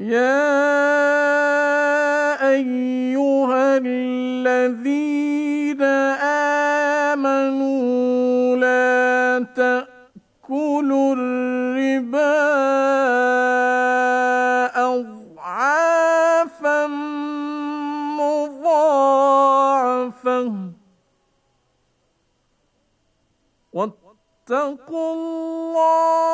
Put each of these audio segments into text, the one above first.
يا أيها الذين آمنوا لا تأكلوا الربا أضعافا مضاعفا واتقوا الله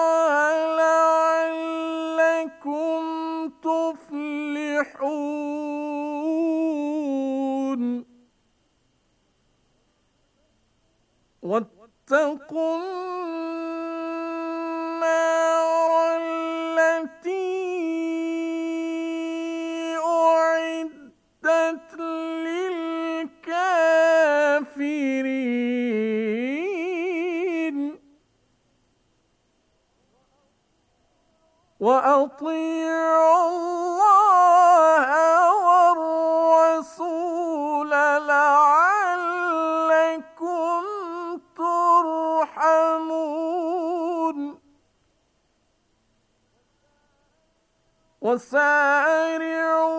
وسارعوا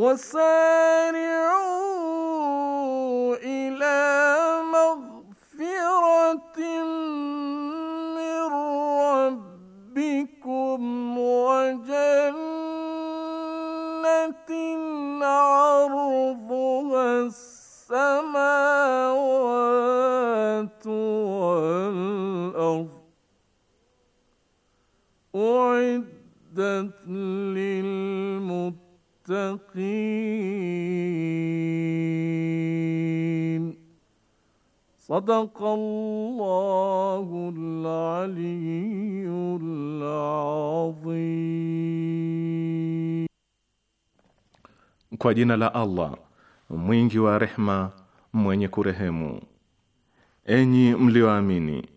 وسارعوا المتقين صدق الله العلي العظيم Kwa jina la Allah mwingi wa rehma mwenye kurehemu Enyi mlioamini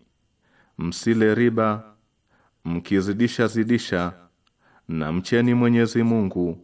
msile riba mkizidisha zidisha na mcheni Mwenyezi Mungu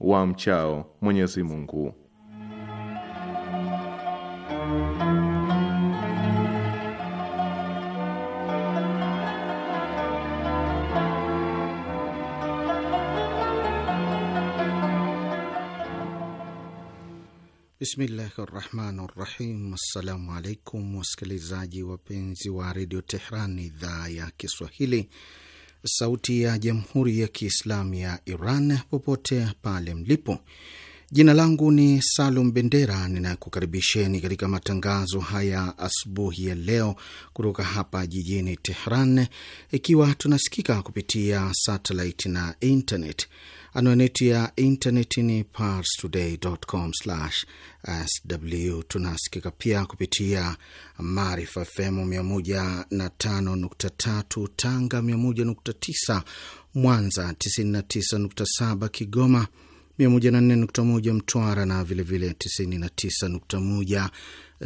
wa mchao Mwenyezi Mungu. Bismillahi rahmani rahim. Assalamu alaikum wasikilizaji wapenzi wa redio Tehran, idhaa ya Kiswahili, sauti ya jamhuri ya kiislamu ya Iran popote pale mlipo. Jina langu ni Salum Bendera, ninakukaribisheni katika matangazo haya asubuhi ya leo kutoka hapa jijini Tehran, ikiwa tunasikika kupitia satellite na internet. Anwani ya intaneti ni parstoday.com/sw. Tunasikika pia kupitia Maarifa FM 105.3 Tanga, 101.9 Mwanza, 99.7 Kigoma, 104.1 Mtwara na vilevile 99.1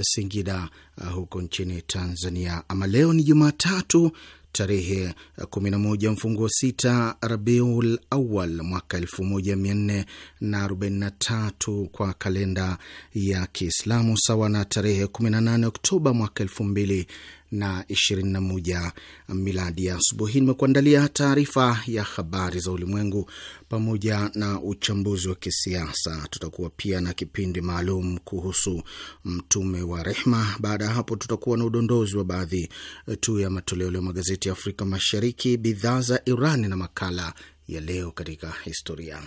Singida, uh, huko nchini Tanzania. Ama leo ni Jumatatu tarehe 11 wa sita Rabiul Awal mwaka 1443 kwa kalenda ya Kiislamu, sawa na tarehe 18 Oktoba mwaka mbili na 21 miladi ya asubuhi. Nimekuandalia taarifa ya habari za ulimwengu pamoja na uchambuzi wa kisiasa. Tutakuwa pia na kipindi maalum kuhusu Mtume wa Rehma. Baada ya hapo, tutakuwa na udondozi wa baadhi tu ya matoleo leo magazeti ya Afrika Mashariki, bidhaa za iran na makala ya leo katika historia.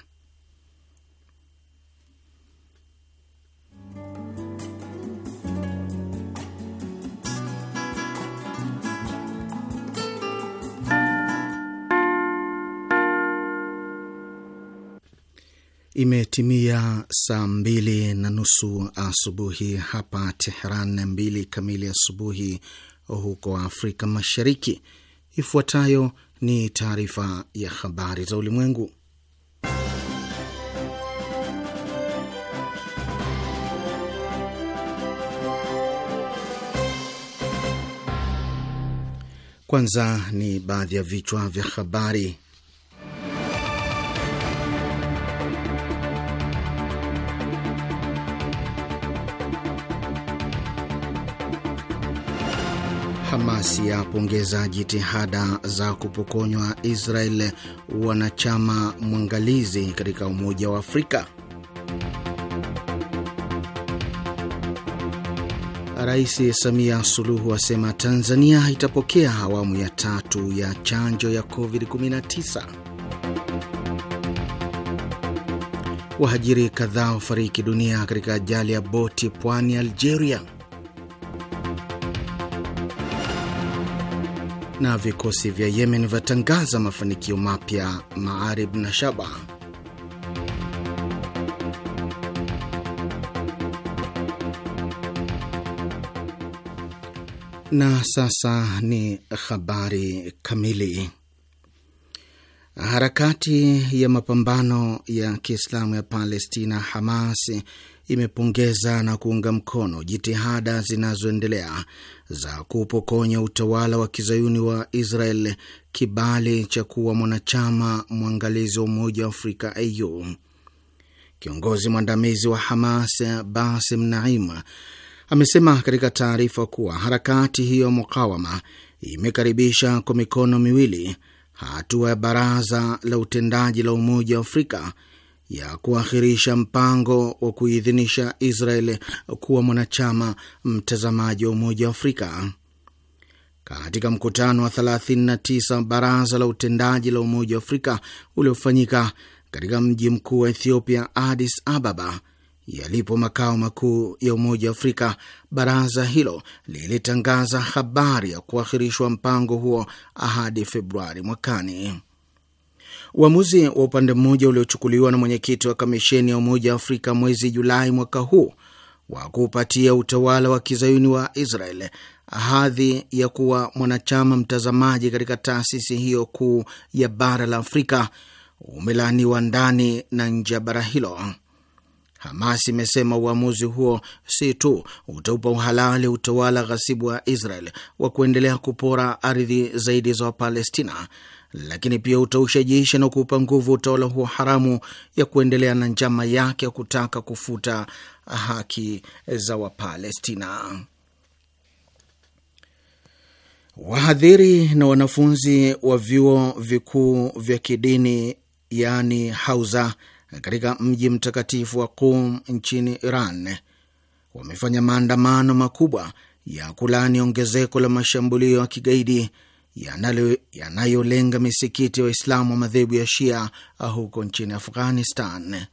Imetimia saa mbili na nusu asubuhi hapa Teheran, mbili kamili asubuhi huko Afrika Mashariki. Ifuatayo ni taarifa ya habari za ulimwengu, kwanza ni baadhi ya vichwa vya habari. ya pongeza jitihada za kupokonywa Israel wanachama mwangalizi katika Umoja wa Afrika. Rais Samia Suluhu asema Tanzania itapokea awamu ya tatu ya chanjo ya COVID-19. Wahajiri kadhaa wafariki dunia katika ajali ya boti pwani Algeria. na vikosi vya Yemen vyatangaza mafanikio mapya Maarib na Shaba. Na sasa ni habari kamili. Harakati ya mapambano ya Kiislamu ya Palestina, Hamas, imepongeza na kuunga mkono jitihada zinazoendelea za kupokonya utawala wa kizayuni wa Israel kibali cha kuwa mwanachama mwangalizi wa Umoja wa Afrika au Kiongozi mwandamizi wa Hamas Basim Naim amesema katika taarifa kuwa harakati hiyo mukawama imekaribisha kwa mikono miwili hatua ya Baraza la Utendaji la Umoja wa Afrika ya kuahirisha mpango wa kuidhinisha Israel kuwa mwanachama mtazamaji wa Umoja wa Afrika. Katika mkutano wa 39 baraza la utendaji la Umoja wa Afrika uliofanyika katika mji mkuu wa Ethiopia, Addis Ababa, yalipo makao makuu ya Umoja wa Afrika, baraza hilo lilitangaza habari ya kuahirishwa mpango huo hadi Februari mwakani. Uamuzi wa upande mmoja uliochukuliwa na mwenyekiti wa kamisheni ya Umoja wa Afrika mwezi Julai mwaka huu wa kuupatia utawala wa kizayuni wa Israel hadhi ya kuwa mwanachama mtazamaji katika taasisi hiyo kuu ya bara la Afrika umelaaniwa ndani na nje ya bara hilo. Hamas imesema uamuzi huo si tu utaupa uhalali utawala ghasibu wa Israel wa kuendelea kupora ardhi zaidi za Wapalestina, lakini pia utaushajiisha na kuupa nguvu utawala huo haramu ya kuendelea na njama yake ya kutaka kufuta haki za Wapalestina. Wahadhiri na wanafunzi wa vyuo vikuu vya kidini yaani hauza katika mji mtakatifu wa Qum nchini Iran wamefanya maandamano makubwa ya kulaani ongezeko la mashambulio ya kigaidi yanayolenga misikiti ya Waislamu wa madhehebu ya Shia ah, huko nchini Afghanistan.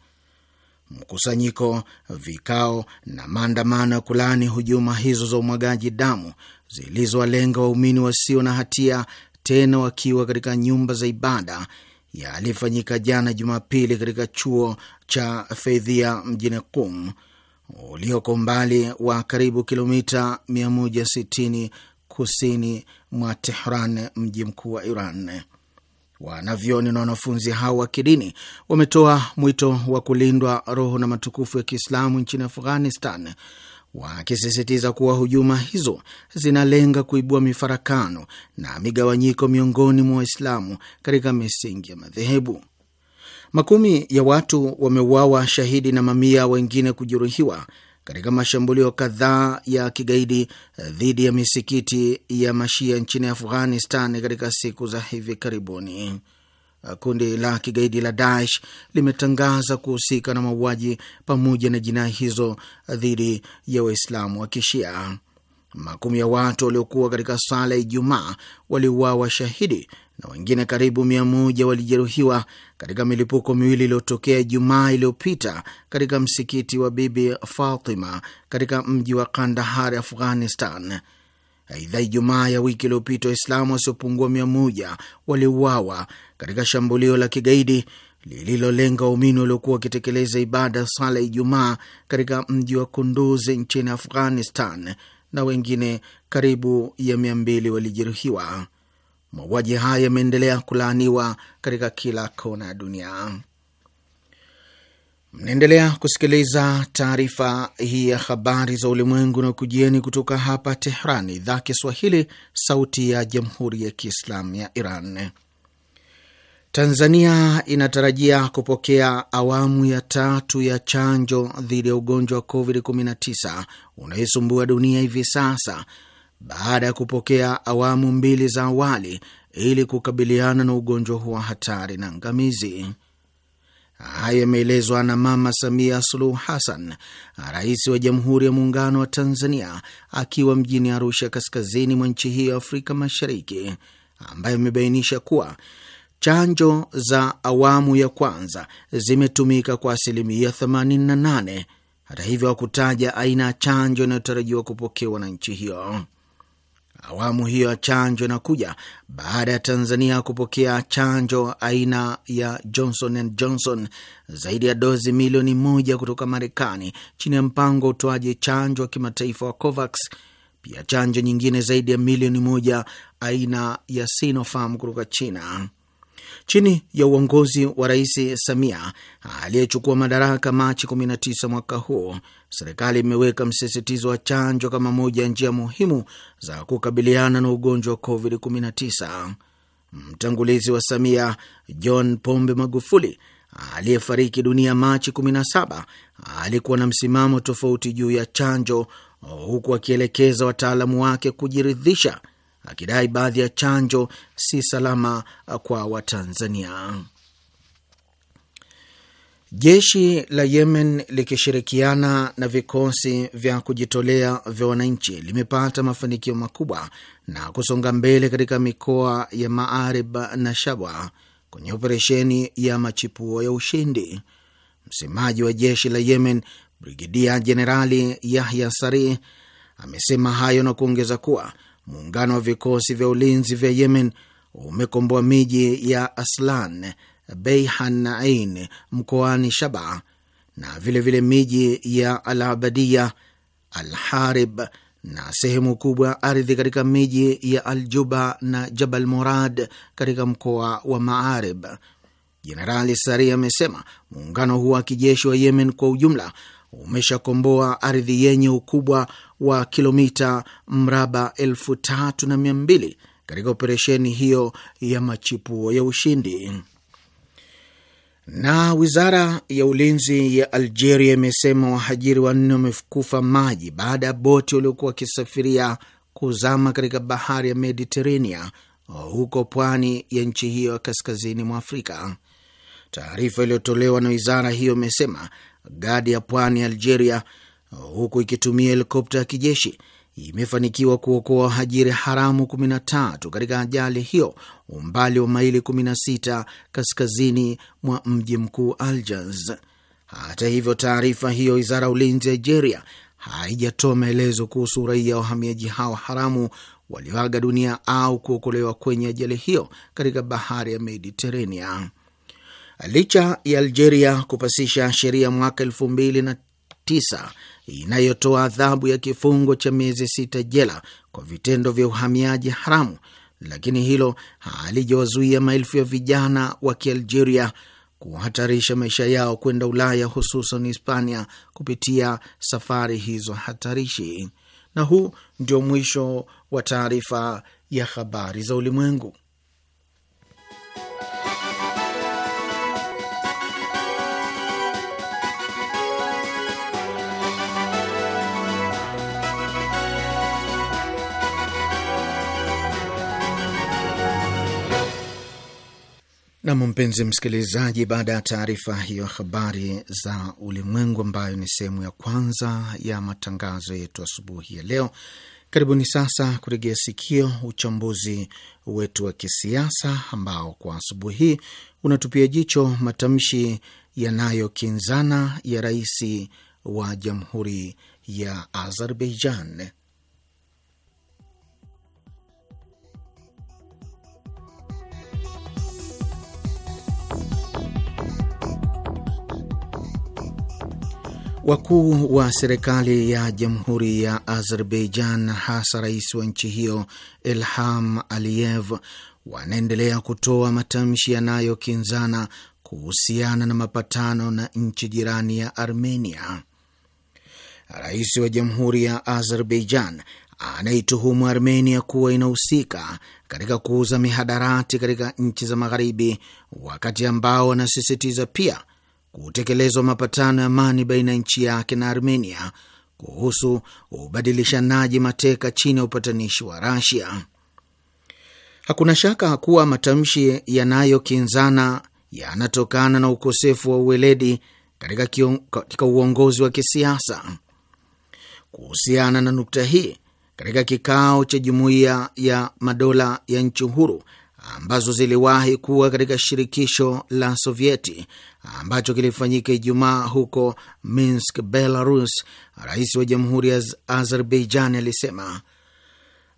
Mkusanyiko, vikao na maandamano ya kulaani hujuma hizo za umwagaji damu zilizowalenga waumini wasio na hatia, tena wakiwa katika nyumba za ibada yalifanyika jana Jumapili katika chuo cha Feidhia mjini Qum ulioko umbali wa karibu kilomita 160 kusini mwa Tehran, mji mkuu wa Iran. Wanavyoni na wanafunzi hao wa kidini wametoa mwito wa kulindwa roho na matukufu ya Kiislamu nchini Afghanistan, wakisisitiza kuwa hujuma hizo zinalenga kuibua mifarakano na migawanyiko miongoni mwa Waislamu katika misingi ya madhehebu. Makumi ya watu wameuawa shahidi na mamia wengine kujeruhiwa katika mashambulio kadhaa ya kigaidi dhidi ya misikiti ya mashia nchini Afghanistan katika siku za hivi karibuni. Kundi la kigaidi la Daesh limetangaza kuhusika na mauaji pamoja na jinai hizo dhidi ya Waislamu wa Kishia. Makumi ya watu waliokuwa katika sala ya Ijumaa waliuawa shahidi na wengine karibu mia moja walijeruhiwa katika milipuko miwili iliyotokea Ijumaa iliyopita katika msikiti wa Bibi Fatima katika mji wa Kandahar, Afghanistan. Aidha, Ijumaa ya wiki iliyopita Waislamu wasiopungua mia moja waliuawa katika shambulio la kigaidi lililolenga waumini waliokuwa wakitekeleza ibada sala Ijumaa katika mji wa kunduzi nchini Afghanistan, na wengine karibu ya mia mbili walijeruhiwa. Mauaji haya yameendelea kulaaniwa katika kila kona ya dunia. Mnaendelea kusikiliza taarifa hii ya habari za ulimwengu na kujieni kutoka hapa Tehran, idhaa Kiswahili, sauti ya jamhuri ya kiislamu ya Iran. Tanzania inatarajia kupokea awamu ya tatu ya chanjo dhidi ya ugonjwa wa COVID-19 unaoisumbua dunia hivi sasa baada ya kupokea awamu mbili za awali ili kukabiliana na ugonjwa huo hatari na ngamizi. Hayo yameelezwa na Mama Samia Suluhu Hassan, rais wa Jamhuri ya Muungano wa Tanzania, akiwa mjini Arusha, kaskazini mwa nchi hiyo ya Afrika Mashariki, ambayo imebainisha kuwa chanjo za awamu ya kwanza zimetumika kwa asilimia 88. Hata hivyo, hakutaja aina ya chanjo inayotarajiwa kupokewa na nchi hiyo. Awamu hiyo ya chanjo inakuja baada ya Tanzania kupokea chanjo aina ya Johnson and Johnson zaidi ya dozi milioni moja kutoka Marekani chini ya mpango wa utoaji chanjo wa kimataifa wa COVAX, pia chanjo nyingine zaidi ya milioni moja aina ya Sinopharm kutoka China chini ya uongozi wa Rais Samia aliyechukua madaraka Machi 19 mwaka huu, serikali imeweka msisitizo wa chanjo kama moja ya njia muhimu za kukabiliana na ugonjwa wa COVID-19. Mtangulizi wa Samia John Pombe Magufuli aliyefariki dunia Machi 17 alikuwa na msimamo tofauti juu ya chanjo, huku akielekeza wataalamu wake kujiridhisha akidai baadhi ya chanjo si salama kwa Watanzania. Jeshi la Yemen likishirikiana na vikosi vya kujitolea vya wananchi limepata mafanikio makubwa na kusonga mbele katika mikoa ya Maarib na Shabwa kwenye operesheni ya machipuo ya ushindi. Msemaji wa jeshi la Yemen, Brigedia Jenerali Yahya Sari amesema hayo na kuongeza kuwa muungano wa vikosi vya ulinzi vya Yemen umekomboa miji ya Aslan, Beihan Ain mkoani Shaba na vilevile miji ya Al Abadia, Al Harib na sehemu kubwa ya ardhi katika miji ya Al Juba na Jabal Murad katika mkoa wa Maarib. Jenerali Sari amesema muungano huo wa kijeshi wa Yemen kwa ujumla umeshakomboa ardhi yenye ukubwa wa kilomita mraba elfu tatu na mia mbili katika operesheni hiyo ya machipuo ya ushindi. Na wizara ya ulinzi ya Algeria imesema wahajiri wanne wamekufa maji baada ya boti waliokuwa wakisafiria kuzama katika bahari ya Mediterania huko pwani ya nchi hiyo ya kaskazini mwa Afrika. Taarifa iliyotolewa na wizara hiyo imesema Gadi ya pwani Algeria, huku ikitumia helikopta ya kijeshi imefanikiwa kuokoa wahajiri haramu 13 katika ajali hiyo, umbali wa maili 16 kaskazini mwa mji mkuu Algiers. Hata hivyo, taarifa hiyo wizara ya ulinzi ya Algeria haijatoa maelezo kuhusu raia wahamiaji hao haramu walioaga dunia au kuokolewa kwenye ajali hiyo katika bahari ya Mediterania. Licha ya Algeria kupasisha sheria mwaka elfu mbili na tisa inayotoa adhabu ya kifungo cha miezi sita jela kwa vitendo vya uhamiaji haramu, lakini hilo halijawazuia maelfu ya vijana wa Kialgeria kuhatarisha maisha yao kwenda Ulaya, hususan Hispania, kupitia safari hizo hatarishi. Na huu ndio mwisho wa taarifa ya habari za ulimwengu. Nam, mpenzi msikilizaji, baada ya taarifa hiyo habari za ulimwengu, ambayo ni sehemu ya kwanza ya matangazo yetu asubuhi ya leo, karibuni sasa kuregea sikio uchambuzi wetu wa kisiasa ambao kwa asubuhi hii unatupia jicho matamshi yanayokinzana ya rais wa jamhuri ya Azerbaijan. Wakuu wa serikali ya jamhuri ya Azerbaijan, hasa rais wa nchi hiyo Ilham Aliyev, wanaendelea kutoa matamshi yanayokinzana kuhusiana na mapatano na nchi jirani ya Armenia. Rais wa jamhuri ya Azerbaijan anaituhumu Armenia kuwa inahusika katika kuuza mihadarati katika nchi za Magharibi, wakati ambao anasisitiza pia kutekelezwa mapatano ya amani baina ya nchi yake na Armenia kuhusu ubadilishanaji mateka chini ya upatanishi wa Rasia. Hakuna shaka kuwa matamshi yanayokinzana yanatokana na ukosefu wa uweledi katika, kion, katika uongozi wa kisiasa. Kuhusiana na nukta hii, katika kikao cha Jumuiya ya Madola ya nchi huru ambazo ziliwahi kuwa katika shirikisho la Sovieti ambacho kilifanyika Ijumaa huko Minsk, Belarus, rais wa jamhuri ya Azerbaijan alisema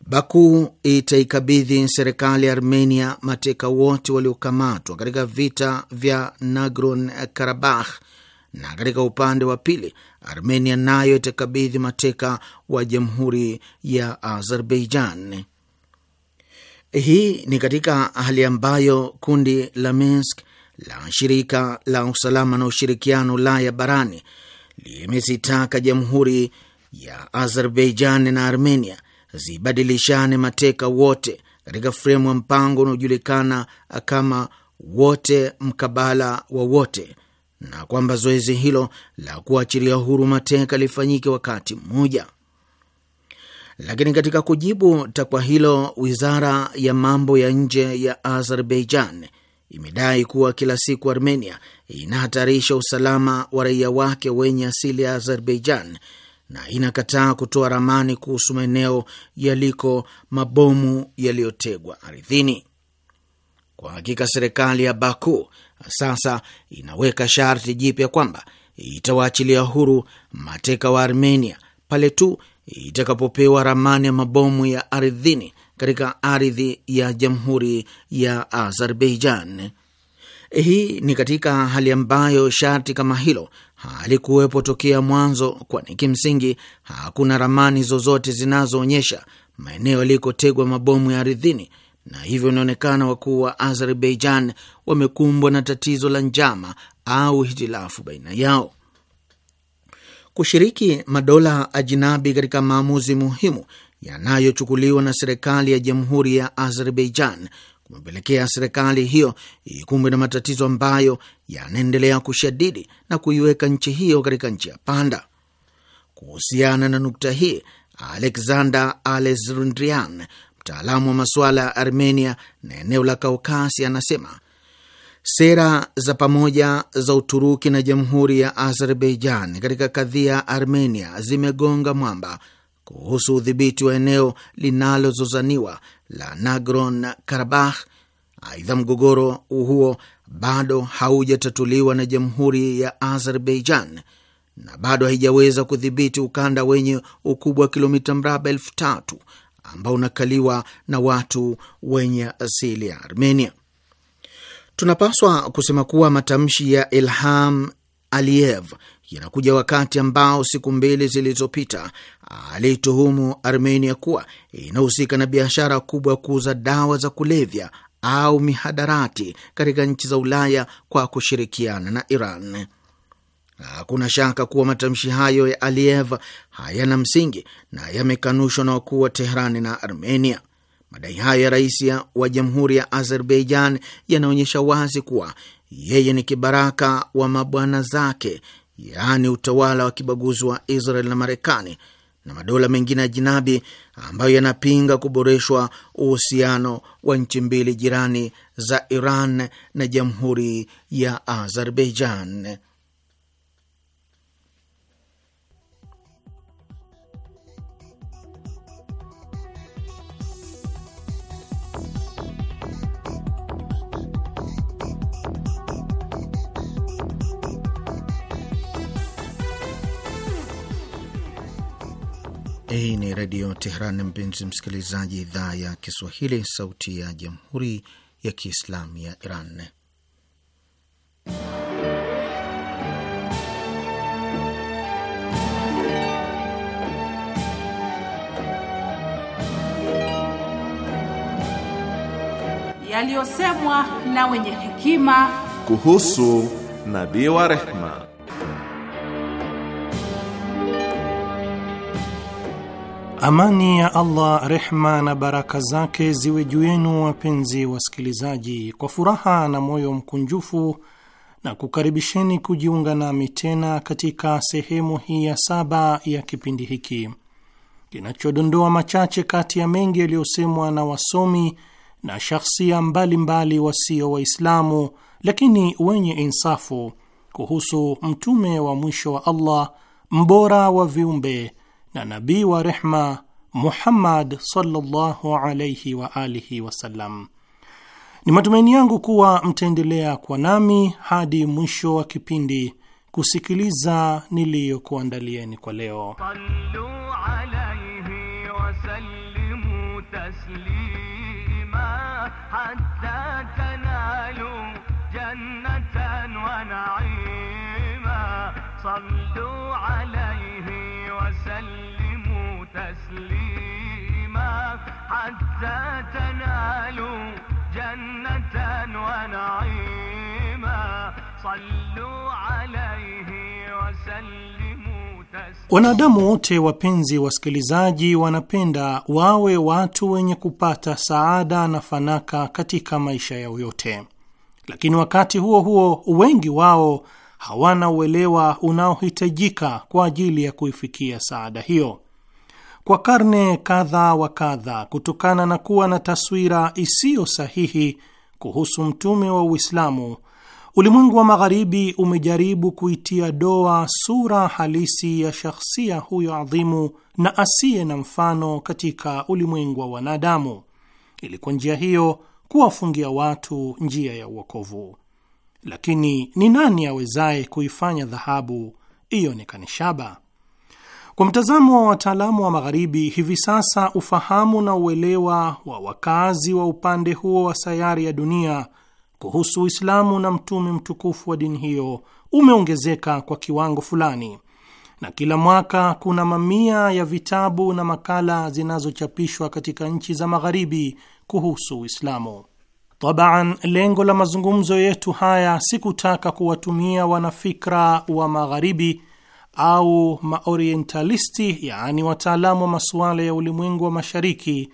Baku itaikabidhi serikali ya Armenia mateka wote waliokamatwa katika vita vya nagron Karabakh, na katika upande wa pili Armenia nayo itakabidhi mateka wa jamhuri ya Azerbaijan. Hii ni katika hali ambayo kundi la Minsk la shirika la usalama na ushirikiano Ulaya barani limezitaka jamhuri ya Azerbaijan na Armenia zibadilishane mateka wote katika fremu ya mpango unaojulikana kama wote mkabala wa wote, na kwamba zoezi hilo la kuachilia huru mateka lifanyike wakati mmoja. Lakini katika kujibu takwa hilo, wizara ya mambo ya nje ya Azerbaijan imedai kuwa kila siku Armenia inahatarisha usalama wa raia wake wenye asili ya Azerbaijan na inakataa kutoa ramani kuhusu maeneo yaliko mabomu yaliyotegwa ardhini. Kwa hakika, serikali ya Baku sasa inaweka sharti jipya kwamba itawaachilia huru mateka wa Armenia pale tu itakapopewa ramani ya mabomu ya ardhini katika ardhi ya Jamhuri ya Azerbaijan. Hii ni katika hali ambayo sharti kama hilo halikuwepo tokea mwanzo, kwani kimsingi hakuna ramani zozote zinazoonyesha maeneo yalikotegwa mabomu ya ardhini, na hivyo inaonekana wakuu wa Azerbaijan wamekumbwa na tatizo la njama au hitilafu baina yao kushiriki madola ajinabi katika maamuzi muhimu yanayochukuliwa na serikali ya jamhuri ya Azerbaijan kumepelekea serikali hiyo ikumbwe na matatizo ambayo yanaendelea kushadidi na kuiweka nchi hiyo katika nchi ya panda. Kuhusiana na nukta hii, Alexander Alesrundrian, mtaalamu wa masuala ya Armenia na eneo la Kaukasi, anasema Sera za pamoja za Uturuki na jamhuri ya Azerbaijan katika kadhia ya Armenia zimegonga mwamba kuhusu udhibiti wa eneo linalozozaniwa la nagron Karabakh. Aidha, mgogoro huo bado haujatatuliwa na jamhuri ya Azerbaijan na bado haijaweza kudhibiti ukanda wenye ukubwa wa kilomita mraba elfu tatu ambao unakaliwa na watu wenye asili ya Armenia. Tunapaswa kusema kuwa matamshi ya Ilham Aliyev yanakuja wakati ambao siku mbili zilizopita alituhumu Armenia kuwa inahusika na biashara kubwa ya kuuza dawa za kulevya au mihadarati katika nchi za Ulaya kwa kushirikiana na Iran. Hakuna shaka kuwa matamshi hayo ya Aliyev hayana msingi na yamekanushwa na wakuu wa Teherani na Armenia. Madai hayo ya rais wa jamhuri ya Azerbaijan yanaonyesha wazi kuwa yeye ni kibaraka wa mabwana zake, yaani utawala wa kibaguzi wa Israel na Marekani na madola mengine ya jinabi ambayo yanapinga kuboreshwa uhusiano wa nchi mbili jirani za Iran na jamhuri ya Azerbaijan. Hii ni Redio Tehran, mpenzi msikilizaji, idhaa ya Kiswahili, sauti ya jamhuri ya kiislamu ya Iran. Yaliyosemwa na wenye hekima kuhusu nabii wa rehma Amani ya Allah, rehma na baraka zake ziwe juu yenu, wapenzi wasikilizaji. Kwa furaha na moyo mkunjufu na kukaribisheni kujiunga nami tena katika sehemu hii ya saba ya kipindi hiki kinachodondoa machache kati ya mengi yaliyosemwa na wasomi na shakhsia mbalimbali wasio Waislamu lakini wenye insafu kuhusu mtume wa mwisho wa Allah, mbora wa viumbe na nabii wa rehma Muhammad sallallahu alayhi wa alihi wasallam. Ni matumaini yangu kuwa mtaendelea kwa nami hadi mwisho wa kipindi kusikiliza niliyokuandalieni kwa leo. حتى تنالوا جنة ونعيما صلوا عليه وسلموا تسليما. Wanadamu wote wapenzi wasikilizaji, wanapenda wawe watu wenye kupata saada na fanaka katika maisha yao yote, lakini wakati huo huo wengi wao hawana uelewa unaohitajika kwa ajili ya kuifikia saada hiyo kwa karne kadha wa kadha kutokana na kuwa na taswira isiyo sahihi kuhusu mtume wa Uislamu. Ulimwengu wa Magharibi umejaribu kuitia doa sura halisi ya shakhsia huyo adhimu na asiye na mfano katika ulimwengu wa wanadamu, ili kwa njia hiyo kuwafungia watu njia ya uokovu. Lakini ni nani awezaye kuifanya dhahabu ionekane shaba? Kwa mtazamo wa wataalamu wa Magharibi, hivi sasa ufahamu na uelewa wa wakazi wa upande huo wa sayari ya dunia kuhusu Uislamu na mtume mtukufu wa dini hiyo umeongezeka kwa kiwango fulani, na kila mwaka kuna mamia ya vitabu na makala zinazochapishwa katika nchi za Magharibi kuhusu Uislamu. Tabaan, lengo la mazungumzo yetu haya si kutaka kuwatumia wanafikra wa Magharibi au maorientalisti, yaani wataalamu wa masuala ya ulimwengu wa mashariki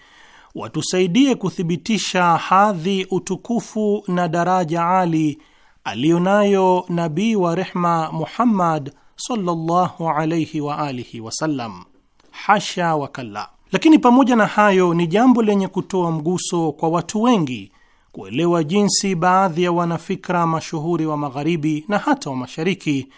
watusaidie kuthibitisha hadhi, utukufu na daraja ali aliyo nayo nabii wa rehma Muhammad sallallahu alayhi wa alihi wasallam. Hasha wakalla. Lakini pamoja na hayo, ni jambo lenye kutoa mguso kwa watu wengi kuelewa jinsi baadhi ya wanafikra mashuhuri wa Magharibi na hata wa Mashariki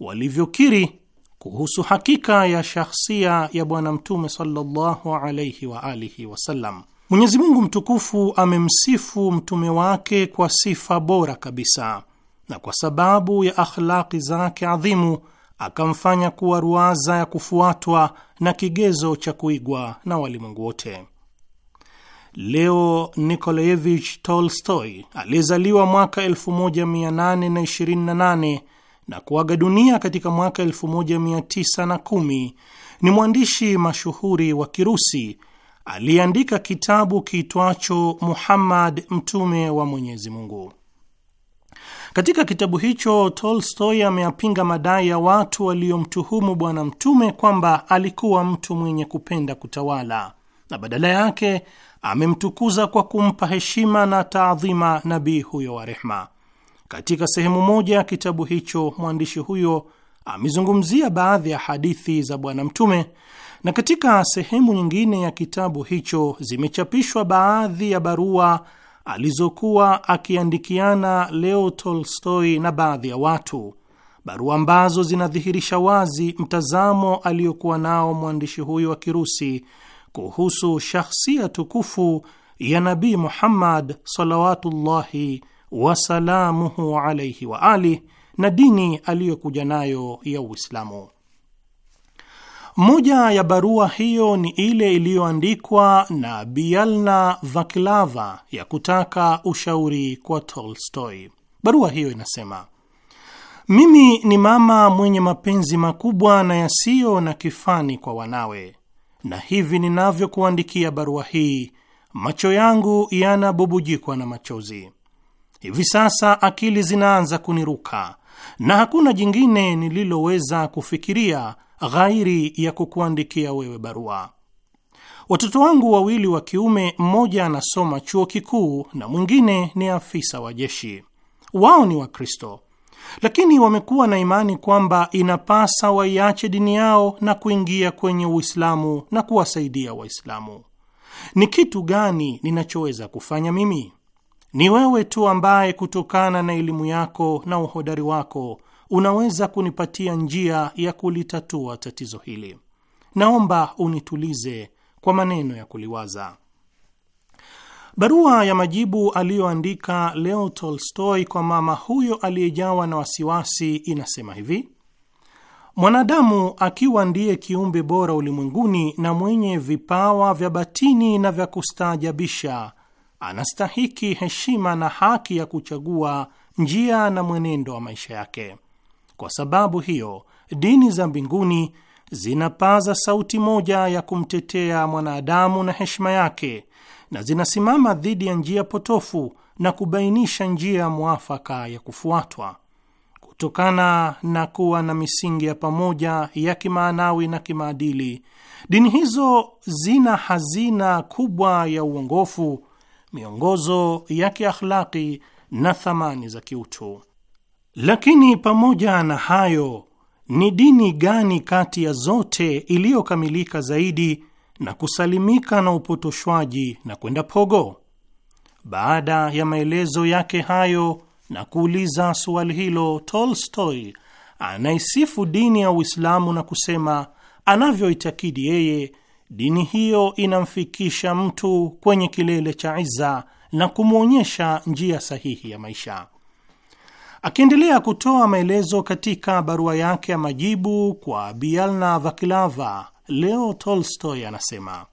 walivyokiri kuhusu hakika ya shahsia ya Bwana Mtume sallallahu alaihi wa alihi wasallam. Mwenyezi Mungu mtukufu amemsifu mtume wake kwa sifa bora kabisa, na kwa sababu ya akhlaqi zake adhimu akamfanya kuwa ruwaza ya kufuatwa na kigezo cha kuigwa na walimwengu wote. Leo Nikolaevich Tolstoy aliyezaliwa mwaka 1828 na kuaga dunia katika mwaka 1910 ni mwandishi mashuhuri wa Kirusi aliyeandika kitabu kiitwacho Muhammad mtume wa Mwenyezi Mungu. Katika kitabu hicho Tolstoy ameyapinga madai ya watu waliomtuhumu Bwana Mtume kwamba alikuwa mtu mwenye kupenda kutawala na badala yake amemtukuza kwa kumpa heshima na taadhima nabii huyo wa rehma. Katika sehemu moja ya kitabu hicho mwandishi huyo amezungumzia baadhi ya hadithi za Bwana Mtume, na katika sehemu nyingine ya kitabu hicho zimechapishwa baadhi ya barua alizokuwa akiandikiana Leo tolstoi na baadhi ya watu, barua ambazo zinadhihirisha wazi mtazamo aliyokuwa nao mwandishi huyo wa Kirusi kuhusu shahsia tukufu ya Nabii Muhammad salawatullahi wasalamuhu alaihi wa ali na dini aliyokuja nayo ya Uislamu. Moja ya barua hiyo ni ile iliyoandikwa na Bialna Vakilava ya kutaka ushauri kwa Tolstoy. Barua hiyo inasema: mimi ni mama mwenye mapenzi makubwa na yasiyo na kifani kwa wanawe, na hivi ninavyokuandikia barua hii, macho yangu yanabubujikwa na machozi. Hivi sasa akili zinaanza kuniruka na hakuna jingine nililoweza kufikiria ghairi ya kukuandikia wewe barua. Watoto wangu wawili wa kiume, mmoja anasoma chuo kikuu na mwingine ni afisa wa jeshi. Wao ni Wakristo, lakini wamekuwa na imani kwamba inapasa waiache dini yao na kuingia kwenye Uislamu na kuwasaidia Waislamu. Ni kitu gani ninachoweza kufanya mimi? Ni wewe tu ambaye kutokana na elimu yako na uhodari wako unaweza kunipatia njia ya kulitatua tatizo hili. Naomba unitulize kwa maneno ya kuliwaza. Barua ya majibu aliyoandika Leo Tolstoy kwa mama huyo aliyejawa na wasiwasi inasema hivi: mwanadamu akiwa ndiye kiumbe bora ulimwenguni na mwenye vipawa vya batini na vya kustaajabisha anastahiki heshima na haki ya kuchagua njia na mwenendo wa maisha yake. Kwa sababu hiyo, dini za mbinguni zinapaza sauti moja ya kumtetea mwanadamu na heshima yake, na zinasimama dhidi ya njia potofu na kubainisha njia mwafaka ya kufuatwa. Kutokana na kuwa na misingi ya pamoja ya kimaanawi na kimaadili, dini hizo zina hazina kubwa ya uongofu miongozo ya kiakhlaki na thamani za kiutu. Lakini pamoja na hayo, ni dini gani kati ya zote iliyokamilika zaidi na kusalimika na upotoshwaji na kwenda pogo? Baada ya maelezo yake hayo na kuuliza suali hilo, Tolstoy anaisifu dini ya Uislamu na kusema anavyoitakidi yeye dini hiyo inamfikisha mtu kwenye kilele cha iza na kumwonyesha njia sahihi ya maisha. Akiendelea kutoa maelezo katika barua yake ya majibu kwa Bialna Vakilava, Leo Tolstoy anasema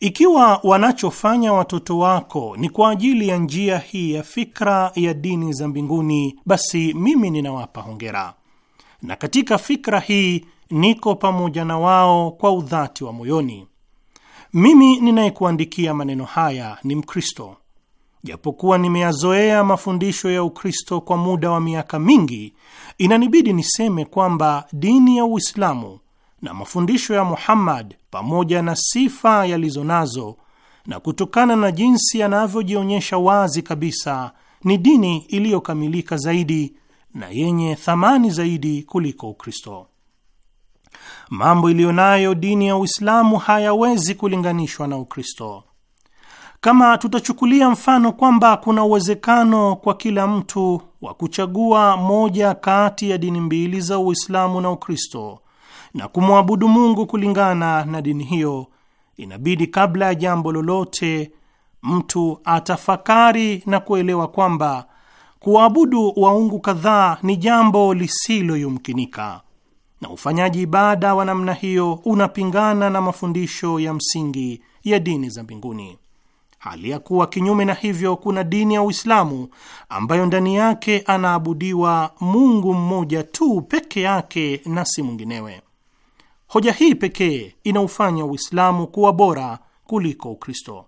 ikiwa wanachofanya watoto wako ni kwa ajili ya njia hii ya fikra ya dini za mbinguni, basi mimi ninawapa hongera. Na katika fikra hii niko pamoja na wao kwa udhati wa moyoni. Mimi ninayekuandikia maneno haya ni Mkristo, japokuwa nimeyazoea mafundisho ya Ukristo kwa muda wa miaka mingi, inanibidi niseme kwamba dini ya Uislamu na mafundisho ya Muhammad pamoja na sifa yalizo nazo na kutokana na jinsi yanavyojionyesha wazi kabisa ni dini iliyokamilika zaidi na yenye thamani zaidi kuliko Ukristo mambo iliyo nayo dini ya Uislamu hayawezi kulinganishwa na Ukristo. Kama tutachukulia mfano kwamba kuna uwezekano kwa kila mtu wa kuchagua moja kati ya dini mbili za Uislamu na Ukristo na kumwabudu Mungu kulingana na dini hiyo, inabidi kabla ya jambo lolote mtu atafakari na kuelewa kwamba kuabudu waungu kadhaa ni jambo lisiloyumkinika na ufanyaji ibada wa namna hiyo unapingana na mafundisho ya msingi ya dini za mbinguni, hali ya kuwa kinyume na hivyo kuna dini ya Uislamu ambayo ndani yake anaabudiwa Mungu mmoja tu peke yake na si mwinginewe. Hoja hii pekee inaufanya Uislamu kuwa bora kuliko Ukristo.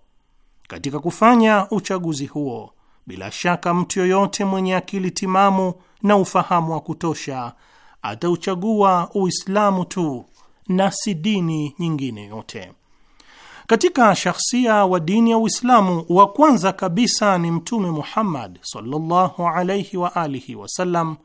Katika kufanya uchaguzi huo, bila shaka mtu yoyote mwenye akili timamu na ufahamu wa kutosha atauchagua Uislamu tu na si dini nyingine yote. Katika shakhsia wa dini ya Uislamu wa kwanza kabisa ni Mtume Muhammad sallallahu alayhi wa alihi wasallam,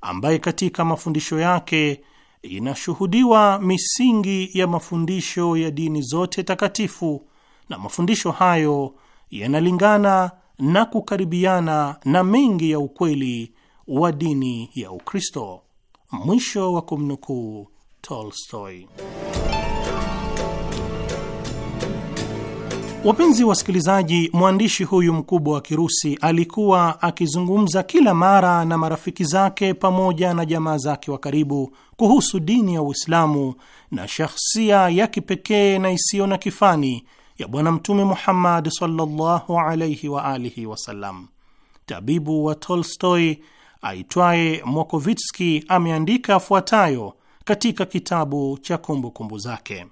ambaye katika mafundisho yake inashuhudiwa misingi ya mafundisho ya dini zote takatifu, na mafundisho hayo yanalingana na kukaribiana na mengi ya ukweli wa dini ya Ukristo. Mwisho wa kumnukuu Tolstoy. Wapenzi wasikilizaji, mwandishi huyu mkubwa wa Kirusi alikuwa akizungumza kila mara na marafiki zake pamoja na jamaa zake wa karibu kuhusu dini ya Uislamu na shahsia ya kipekee na isiyo na kifani ya Bwana Mtume Muhammad sallallahu alaihi wa alihi wasallam. Tabibu wa Tolstoy aitwaye Mokovitski ameandika afuatayo katika kitabu cha kumbukumbu zake: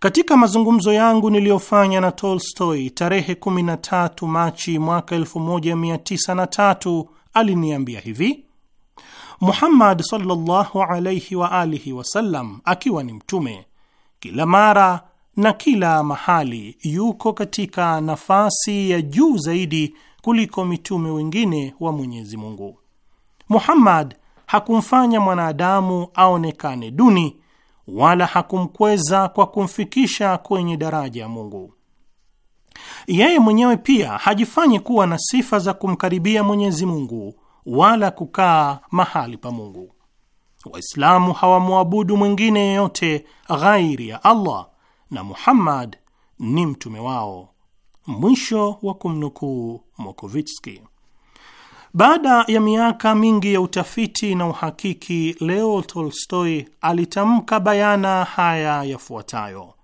katika mazungumzo yangu niliyofanya na Tolstoy tarehe 13 Machi mwaka 1903 aliniambia hivi: Muhammad sallallahu alayhi wa alihi wasallam, akiwa ni mtume, kila mara na kila mahali yuko katika nafasi ya juu zaidi kuliko mitume wengine wa Mwenyezi Mungu. Muhammad hakumfanya mwanadamu aonekane duni wala hakumkweza kwa kumfikisha kwenye daraja ya Mungu. Yeye mwenyewe pia hajifanyi kuwa na sifa za kumkaribia Mwenyezi Mungu wala kukaa mahali pa Mungu. Waislamu hawamwabudu mwingine yeyote ghairi ya Allah na Muhammad ni mtume wao. Mwisho wa kumnukuu Mokovitski. Baada ya miaka mingi ya utafiti na uhakiki, Leo Tolstoy alitamka bayana haya yafuatayo: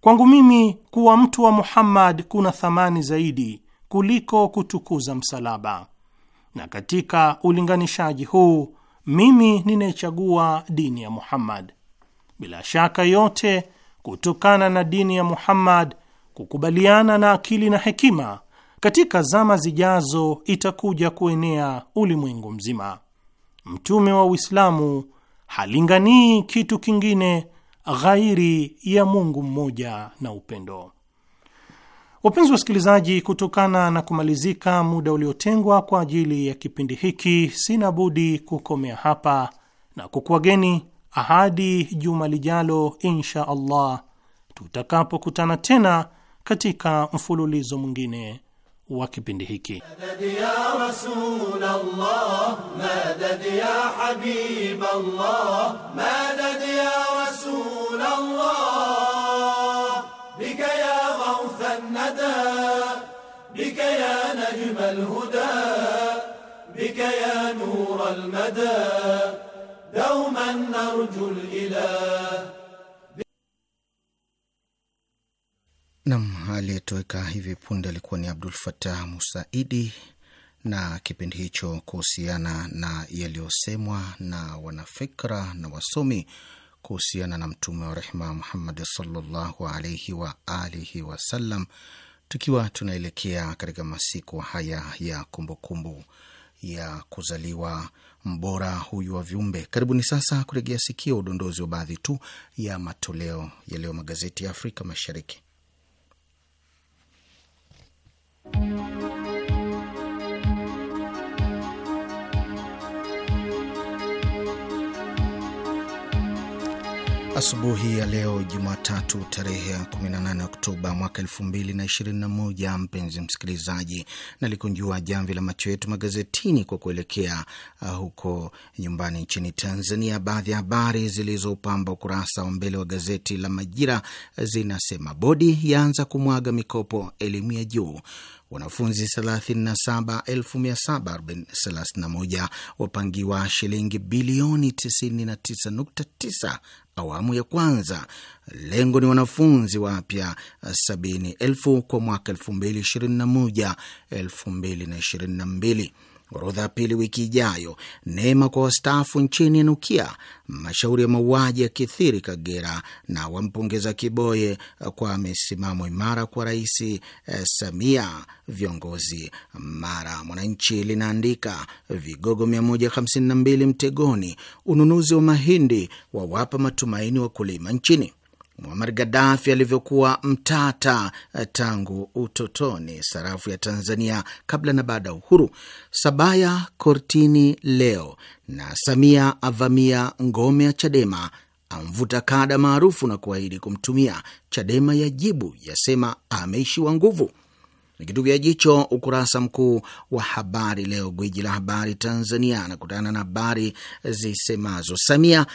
kwangu mimi kuwa mtu wa Muhammad kuna thamani zaidi kuliko kutukuza msalaba, na katika ulinganishaji huu mimi ninayechagua dini ya Muhammad. Bila shaka yote, kutokana na dini ya Muhammad kukubaliana na akili na hekima, katika zama zijazo itakuja kuenea ulimwengu mzima. Mtume wa Uislamu halinganii kitu kingine ghairi ya Mungu mmoja na upendo. Wapenzi wasikilizaji, kutokana na kumalizika muda uliotengwa kwa ajili ya kipindi hiki, sina budi kukomea hapa na kukuwageni ahadi juma lijalo, insha Allah tutakapokutana tena katika mfululizo mwingine wa kipindi hiki. Nam, aliyetoweka hivi punde alikuwa ni Abdul Fatah Musaidi, na kipindi hicho kuhusiana na yaliyosemwa na wanafikra na wasomi kuhusiana na mtume wa rehma Muhammad sallallahu alaihi wa alihi wasallam, tukiwa tunaelekea katika masiku haya ya kumbukumbu kumbu ya kuzaliwa mbora huyu wa viumbe. Karibuni sasa kuregea sikio udondozi wa baadhi tu ya matoleo ya leo magazeti ya Afrika Mashariki. Asubuhi ya leo Jumatatu, tarehe ya 18 Oktoba mwaka 2021, mpenzi msikilizaji, nalikunjua jamvi la macho yetu magazetini kwa kuelekea uh, huko nyumbani nchini Tanzania. Baadhi ya habari zilizopamba ukurasa wa mbele wa gazeti la Majira zinasema bodi yaanza kumwaga mikopo elimu ya juu wanafunzi 37,731 wapangiwa shilingi bilioni 99.9 awamu ya kwanza. Lengo ni wanafunzi wapya sabini elfu kwa mwaka elfu mbili ishirini na moja elfu mbili na ishirini na mbili orodha ya pili wiki ijayo. Neema kwa wastaafu nchini nukia, mashauri ya mauaji ya kithiri Kagera, na wampongeza Kiboye kwa misimamo imara kwa Rais eh, Samia, viongozi mara. Mwananchi linaandika vigogo 152 mtegoni, ununuzi wa mahindi wawapa matumaini wakulima nchini. Muammar Gaddafi alivyokuwa mtata eh, tangu utotoni. Sarafu ya Tanzania kabla na baada ya uhuru. Sabaya kortini leo, na Samia avamia ngome ya Chadema, amvuta kada maarufu na kuahidi kumtumia. Chadema yajibu, yasema ameishiwa nguvu nikitupia jicho ukurasa mkuu wa habari leo, gwiji la habari Tanzania, anakutana na habari zisemazo: Samia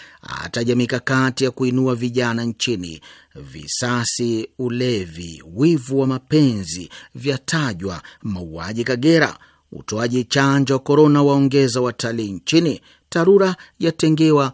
ataja mikakati ya kuinua vijana nchini, visasi, ulevi, wivu wa mapenzi vyatajwa, mauaji Kagera, utoaji chanjo korona waongeza watalii nchini, TARURA yatengewa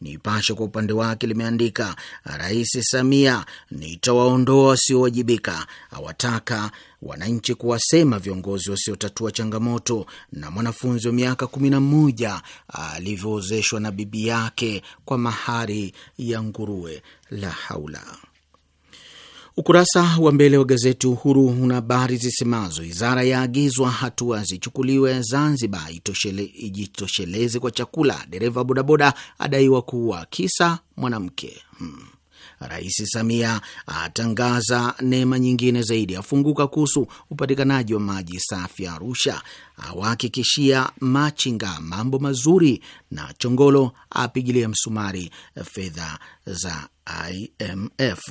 Nipashe kwa upande wake limeandika Rais Samia, nitawaondoa wasiowajibika, awataka wananchi kuwasema viongozi wasiotatua changamoto, na mwanafunzi wa miaka kumi na moja alivyoozeshwa na bibi yake kwa mahari ya nguruwe. La haula Ukurasa wa mbele wa gazeti Uhuru una habari zisemazo: wizara yaagizwa hatua zichukuliwe Zanzibar ijitosheleze kwa chakula, dereva bodaboda adaiwa kuua kisa mwanamke. Hmm. Rais Samia atangaza neema nyingine zaidi, afunguka kuhusu upatikanaji wa maji safi Arusha, awahakikishia machinga mambo mazuri, na Chongolo apigilia msumari fedha za IMF.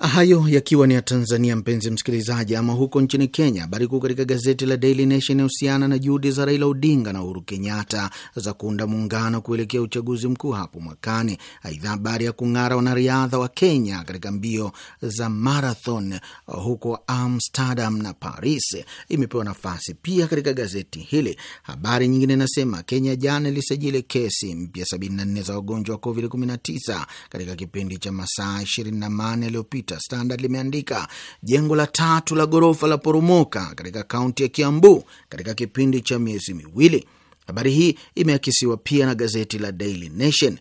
Hayo yakiwa ni ya Tanzania, mpenzi msikilizaji. Ama huko nchini Kenya, habari kuu katika gazeti la Daily Nation inahusiana na juhudi za Raila Odinga na Uhuru Kenyatta za kuunda muungano kuelekea uchaguzi mkuu hapo mwakani. Aidha, habari ya kung'ara wanariadha wa Kenya katika mbio za marathon huko Amsterdam na Paris imepewa nafasi pia katika gazeti hili. Habari nyingine inasema Kenya jana ilisajili kesi mpya 74 za wagonjwa wa COVID-19 katika kipindi cha masaa 28 yaliyopita iliyopita, Standard limeandika jengo la tatu la ghorofa la poromoka katika kaunti ya Kiambu katika kipindi cha miezi miwili. Habari hii imeakisiwa pia na gazeti la Daily Nation.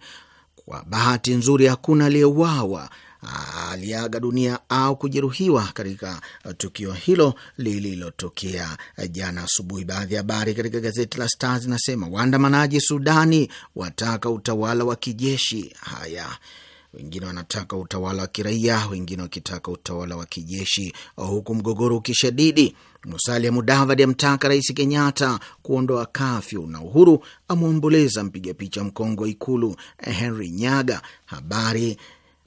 Kwa bahati nzuri, hakuna aliyeuawa aliaga dunia au kujeruhiwa katika tukio hilo lililotokea jana asubuhi. Baadhi ya habari katika gazeti la Star zinasema waandamanaji Sudani wataka utawala wa kijeshi. Haya wengine wanataka utawala wa kiraia, wengine wakitaka utawala wa kijeshi, huku mgogoro ukishadidi. Musalia Mudavadi amtaka Rais Kenyatta kuondoa kafyu, na Uhuru amwomboleza mpiga picha mkongwe wa Ikulu Henry Nyaga. Habari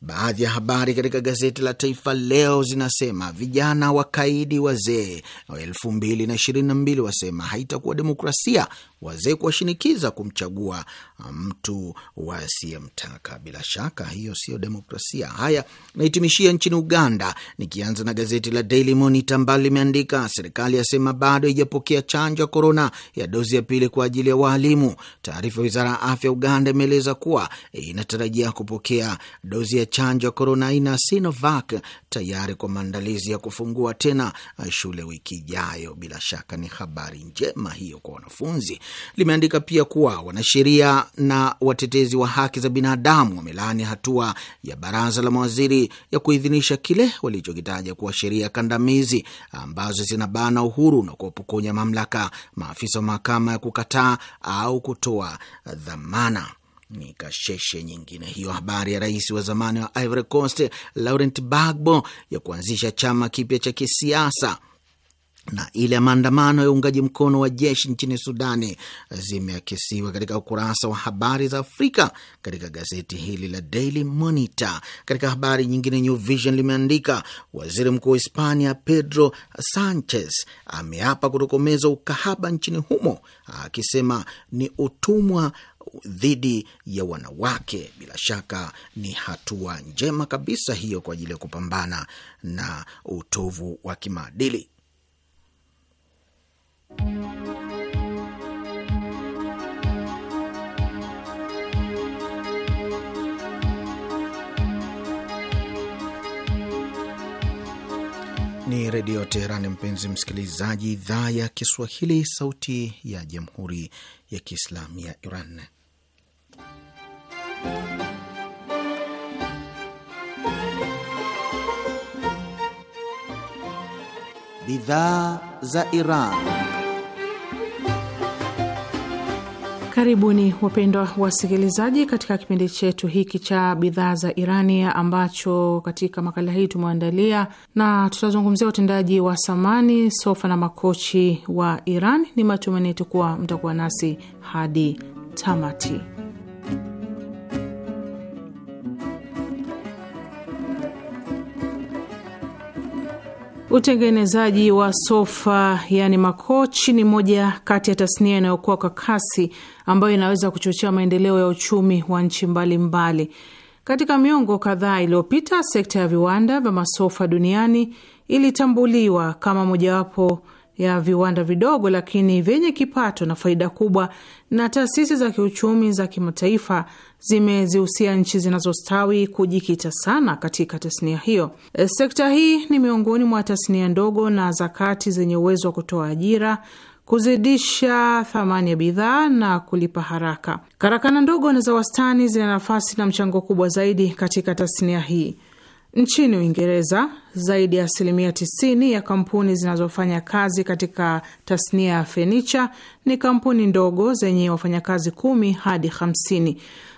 Baadhi ya habari katika gazeti la Taifa Leo zinasema vijana wakaidi wazee, elfu mbili na ishirini na mbili wasema haitakuwa demokrasia, wazee kuwashinikiza kumchagua mtu wasiyemtaka. Bila shaka hiyo siyo demokrasia. Haya, naitimishia nchini Uganda, nikianza na gazeti la Daily Monitor ambalo limeandika serikali yasema bado haijapokea chanjo ya korona ya dozi ya pili kwa ajili ya waalimu. Taarifa ya wizara ya afya Uganda imeeleza kuwa inatarajia kupokea dozi ya chanjo ya korona aina ya Sinovac tayari kwa maandalizi ya kufungua tena shule wiki ijayo. Bila shaka ni habari njema hiyo kwa wanafunzi limeandika pia kuwa wanasheria na watetezi wa haki za binadamu wamelaani hatua ya baraza la mawaziri ya kuidhinisha kile walichokitaja kuwa sheria kandamizi ambazo zinabana uhuru na kuwapokonya mamlaka maafisa wa mahakama ya kukataa au kutoa dhamana. Ni kasheshe nyingine hiyo, habari ya rais wa zamani wa Ivory Coast Laurent Gbagbo ya kuanzisha chama kipya cha kisiasa na ile maandamano ya uungaji mkono wa jeshi nchini Sudani zimeakisiwa katika ukurasa wa habari za Afrika katika gazeti hili la Daily Monitor. Katika habari nyingine, New Vision limeandika waziri mkuu wa Hispania Pedro Sanchez ameapa kutokomeza ukahaba nchini humo, akisema ni utumwa dhidi ya wanawake. Bila shaka ni hatua njema kabisa hiyo kwa ajili ya kupambana na utovu wa kimaadili. Ni Redio Teherani, mpenzi msikilizaji, idhaa ya Kiswahili, sauti ya jamhuri ya kiislamu ya Iran. Bidhaa za Iran. Karibuni wapendwa wasikilizaji, katika kipindi chetu hiki cha bidhaa za Irani ambacho katika makala hii tumeandalia na tutazungumzia utendaji wa samani, sofa na makochi wa Iran. Ni matumaini yetu kuwa mtakuwa nasi hadi tamati. Utengenezaji wa sofa yani makochi ni moja kati ya tasnia inayokuwa kwa kasi ambayo inaweza kuchochea maendeleo ya uchumi wa nchi mbalimbali mbali. Katika miongo kadhaa iliyopita sekta ya viwanda vya masofa duniani ilitambuliwa kama mojawapo ya viwanda vidogo lakini vyenye kipato na faida kubwa, na taasisi za kiuchumi za kimataifa zimezihusia nchi zinazostawi kujikita sana katika tasnia hiyo. E, sekta hii ni miongoni mwa tasnia ndogo na za kati zenye uwezo wa kutoa ajira kuzidisha thamani ya bidhaa na kulipa haraka. Karakana ndogo na za wastani zina nafasi na mchango kubwa zaidi katika tasnia hii. Nchini Uingereza, zaidi ya asilimia 90 ya kampuni zinazofanya kazi katika tasnia ya fenicha ni kampuni ndogo zenye wafanyakazi kumi hadi 50.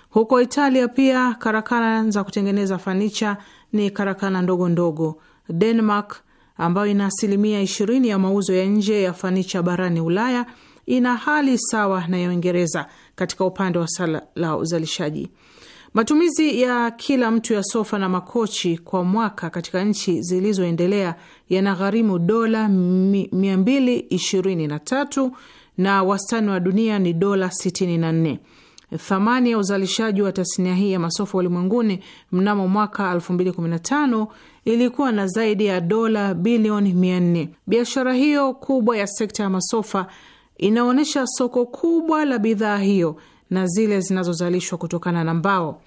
Huko Italia pia karakana za kutengeneza fanicha ni karakana ndogo ndogo. Denmark ambayo ina asilimia 20 ya mauzo ya nje ya fanicha barani Ulaya ina hali sawa na ya Uingereza katika upande wa sala la uzalishaji. Matumizi ya kila mtu ya sofa na makochi kwa mwaka katika nchi zilizoendelea yanagharimu dola 223 na wastani wa dunia ni dola 64. Thamani ya uzalishaji wa tasnia hii ya masofa ulimwenguni mnamo mwaka 2015 ilikuwa na zaidi ya dola bilioni 4 Biashara hiyo kubwa ya sekta ya masofa inaonyesha soko kubwa la bidhaa hiyo na zile zinazozalishwa kutokana na mbao.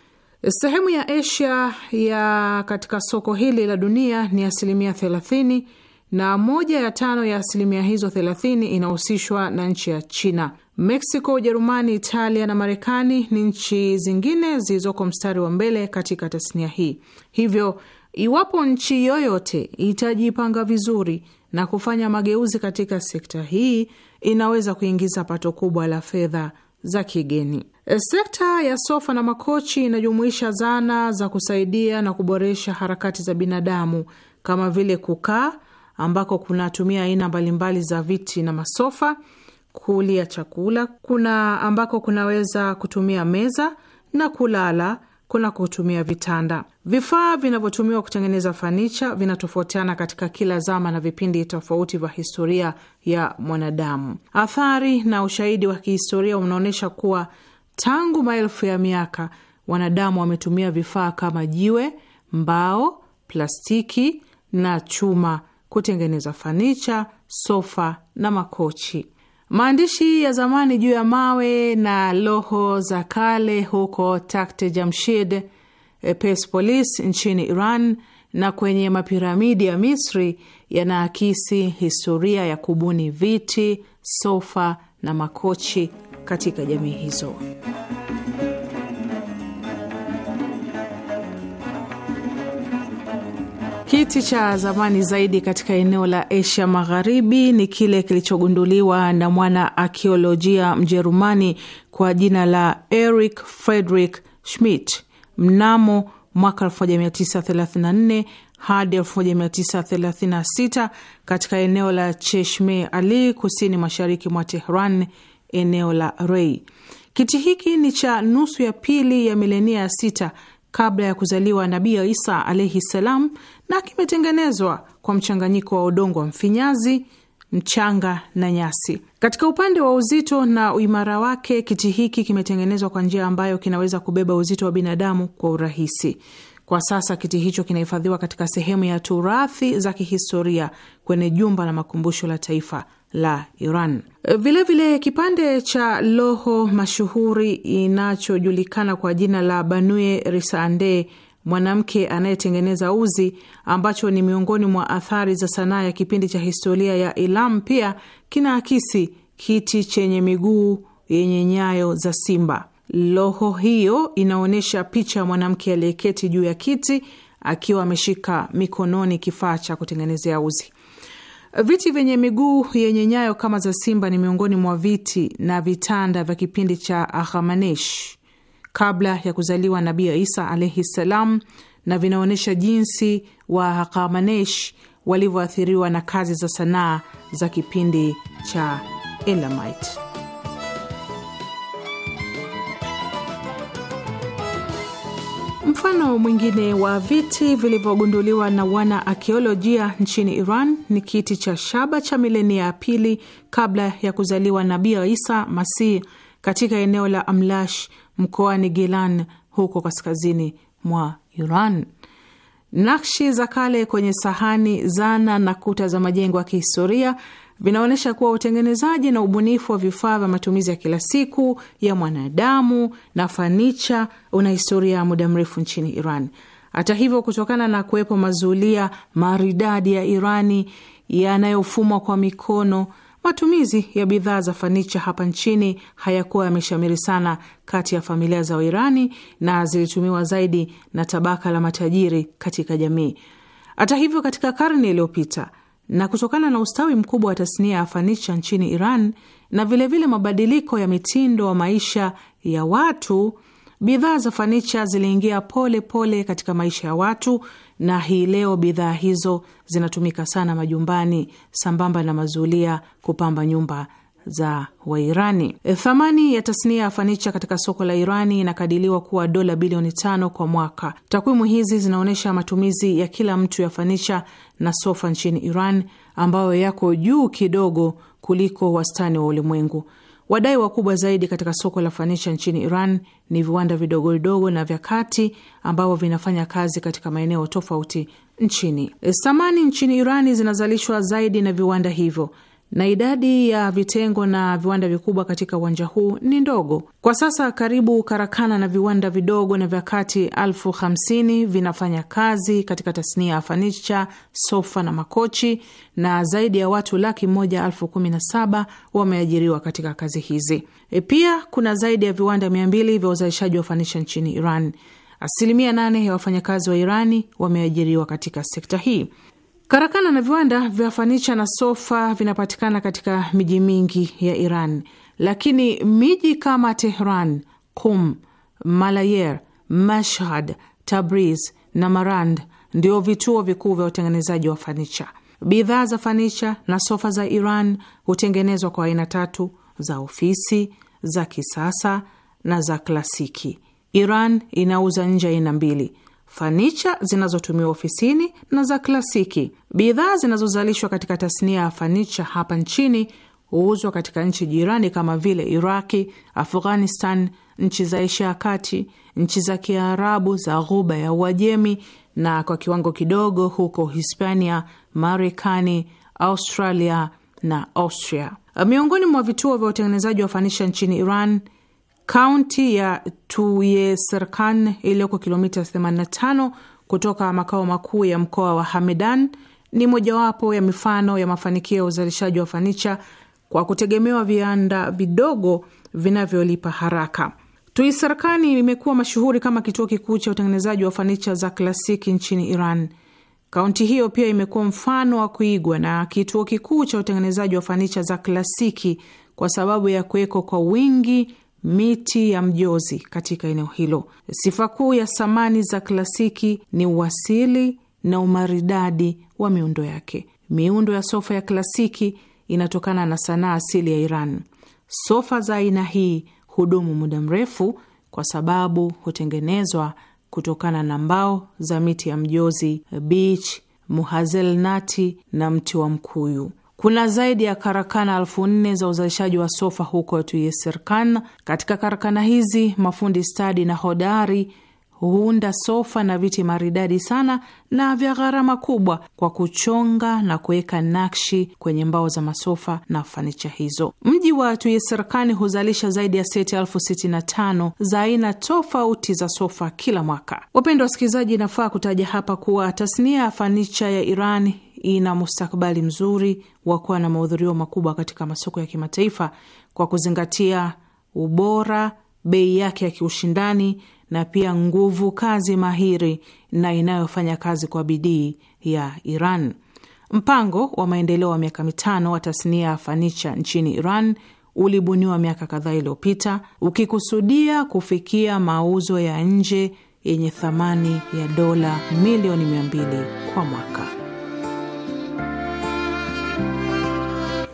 Sehemu ya Asia ya katika soko hili la dunia ni asilimia thelathini na moja ya tano ya asilimia hizo thelathini inahusishwa na nchi ya China. Mexico, Ujerumani, Italia na Marekani ni nchi zingine zilizoko mstari wa mbele katika tasnia hii. Hivyo, iwapo nchi yoyote itajipanga vizuri na kufanya mageuzi katika sekta hii, inaweza kuingiza pato kubwa la fedha za kigeni. E, sekta ya sofa na makochi inajumuisha zana za kusaidia na kuboresha harakati za binadamu kama vile kukaa, ambako kunatumia aina mbalimbali za viti na masofa; kulia chakula, kuna ambako kunaweza kutumia meza na kulala kuna kutumia vitanda. Vifaa vinavyotumiwa kutengeneza fanicha vinatofautiana katika kila zama na vipindi tofauti vya historia ya mwanadamu. Athari na ushahidi wa kihistoria unaonyesha kuwa tangu maelfu ya miaka wanadamu wametumia vifaa kama jiwe, mbao, plastiki na chuma kutengeneza fanicha, sofa na makochi. Maandishi ya zamani juu ya mawe na loho za kale huko Takte Jamshid, eh, Persepolis nchini Iran na kwenye mapiramidi ya Misri yanaakisi historia ya kubuni viti, sofa na makochi katika jamii hizo. Kiti cha zamani zaidi katika eneo la Asia Magharibi ni kile kilichogunduliwa na mwana akiolojia Mjerumani kwa jina la eric Frederick Schmidt mnamo mwaka 1934 hadi 1936 katika eneo la Cheshme Ali kusini mashariki mwa Tehran, eneo la Rei. Kiti hiki ni cha nusu ya pili ya milenia ya sita kabla ya kuzaliwa Nabii Isa alaihi salam na kimetengenezwa kwa mchanganyiko wa udongo wa mfinyazi, mchanga na nyasi. Katika upande wa uzito na uimara wake, kiti hiki kimetengenezwa kwa njia ambayo kinaweza kubeba uzito wa binadamu kwa urahisi. Kwa sasa kiti hicho kinahifadhiwa katika sehemu ya turathi za kihistoria kwenye jumba la makumbusho la taifa la Iran. Vilevile vile, kipande cha loho mashuhuri inachojulikana kwa jina la Banue Risande mwanamke anayetengeneza uzi, ambacho ni miongoni mwa athari za sanaa ya kipindi cha historia ya Ilam, pia kinaakisi kiti chenye miguu yenye nyayo za simba. Loho hiyo inaonyesha picha ya mwanamke aliyeketi juu ya kiti akiwa ameshika mikononi kifaa cha kutengenezea uzi. Viti vyenye miguu yenye nyayo kama za simba ni miongoni mwa viti na vitanda vya kipindi cha Ahamanesh kabla ya kuzaliwa Nabii Isa alaihi ssalam, na vinaonyesha jinsi wa Hakamanesh walivyoathiriwa na kazi za sanaa za kipindi cha Elamite. Mfano mwingine wa viti vilivyogunduliwa na wana akiolojia nchini Iran ni kiti cha shaba cha milenia ya pili kabla ya kuzaliwa Nabii Isa Masih katika eneo la Amlash mkoani Gilan huko kaskazini mwa Iran. Nakshi za kale kwenye sahani, zana na kuta za majengo ya kihistoria vinaonyesha kuwa utengenezaji na ubunifu wa vifaa vya matumizi ya kila siku ya mwanadamu na fanicha una historia ya muda mrefu nchini Iran. Hata hivyo, kutokana na kuwepo mazulia maridadi ya Irani yanayofumwa kwa mikono Matumizi ya bidhaa za fanicha hapa nchini hayakuwa yameshamiri sana kati ya familia za Wairani na zilitumiwa zaidi na tabaka la matajiri katika jamii. Hata hivyo, katika karne iliyopita na kutokana na ustawi mkubwa wa tasnia ya fanicha nchini Iran na vilevile vile mabadiliko ya mitindo wa maisha ya watu Bidhaa za fanicha ziliingia pole pole katika maisha ya watu, na hii leo bidhaa hizo zinatumika sana majumbani, sambamba na mazulia kupamba nyumba za Wairani. E, thamani ya tasnia ya fanicha katika soko la Irani inakadiliwa kuwa dola bilioni tano kwa mwaka. Takwimu hizi zinaonyesha matumizi ya kila mtu ya fanicha na sofa nchini Iran ambayo yako juu kidogo kuliko wastani wa ulimwengu. Wadai wakubwa zaidi katika soko la fanicha nchini Iran ni viwanda vidogo vidogo na vya kati ambavyo vinafanya kazi katika maeneo tofauti nchini. Eh, samani nchini Irani zinazalishwa zaidi na viwanda hivyo na idadi ya vitengo na viwanda vikubwa katika uwanja huu ni ndogo kwa sasa. Karibu karakana na viwanda vidogo na vya kati elfu hamsini vinafanya kazi katika tasnia ya fanicha, sofa na makochi, na zaidi ya watu laki moja elfu kumi na saba wameajiriwa katika kazi hizi. E, pia kuna zaidi ya viwanda mia mbili vya uzalishaji wa fanicha nchini Iran. Asilimia nane ya wafanyakazi wa Irani wameajiriwa katika sekta hii. Karakana na viwanda vya fanicha na sofa vinapatikana katika miji mingi ya Iran, lakini miji kama Tehran, Kum, Malayer, Mashhad, Tabriz na Marand ndio vituo vikuu vya utengenezaji wa fanicha. Bidhaa za fanicha na sofa za Iran hutengenezwa kwa aina tatu za ofisi, za kisasa na za klasiki. Iran inauza nje aina mbili fanicha zinazotumiwa ofisini na za klasiki. Bidhaa zinazozalishwa katika tasnia ya fanicha hapa nchini huuzwa katika nchi jirani kama vile Iraki, Afghanistan, nchi za Asia ya Kati, nchi za Kiarabu za Ghuba ya Uajemi na kwa kiwango kidogo huko Hispania, Marekani, Australia na Austria. Miongoni mwa vituo vya utengenezaji wa fanisha nchini Iran Kaunti ya Tuyeserkan iliyoko kilomita 85 kutoka makao makuu ya mkoa wa Hamedan ni mojawapo ya mifano ya mafanikio ya uzalishaji wa fanicha kwa kutegemewa viwanda vidogo vinavyolipa haraka. Tuiserkani imekuwa mashuhuri kama kituo kikuu cha utengenezaji wa fanicha za klasiki nchini Iran. Kaunti hiyo pia imekuwa mfano wa kuigwa na kituo kikuu cha utengenezaji wa fanicha za klasiki kwa sababu ya kuwekwa kwa wingi miti ya mjozi katika eneo hilo. Sifa kuu ya samani za klasiki ni uwasili na umaridadi wa miundo yake. Miundo ya sofa ya klasiki inatokana na sanaa asili ya Iran. Sofa za aina hii hudumu muda mrefu kwa sababu hutengenezwa kutokana na mbao za miti ya mjozi, beech, muhazelnati na mti wa mkuyu. Kuna zaidi ya karakana elfu nne za uzalishaji wa sofa huko Tuyesirkan. Katika karakana hizi mafundi stadi na hodari huunda sofa na viti maridadi sana na vya gharama kubwa kwa kuchonga na kuweka nakshi kwenye mbao za masofa na fanicha hizo. Mji wa Tuyesirkani huzalisha zaidi ya seti elfu sitini na tano za aina tofauti za sofa kila mwaka. Wapendwa wasikilizaji, inafaa kutaja hapa kuwa tasnia ya fanicha ya Iran ina mustakabali mzuri wa kuwa na mahudhurio makubwa katika masoko ya kimataifa kwa kuzingatia ubora, bei yake ya kiushindani na pia nguvu kazi mahiri na inayofanya kazi kwa bidii ya Iran. Mpango wa maendeleo wa miaka mitano wa tasnia ya fanicha nchini Iran ulibuniwa miaka kadhaa iliyopita ukikusudia kufikia mauzo ya nje yenye thamani ya dola milioni 200 kwa mwaka.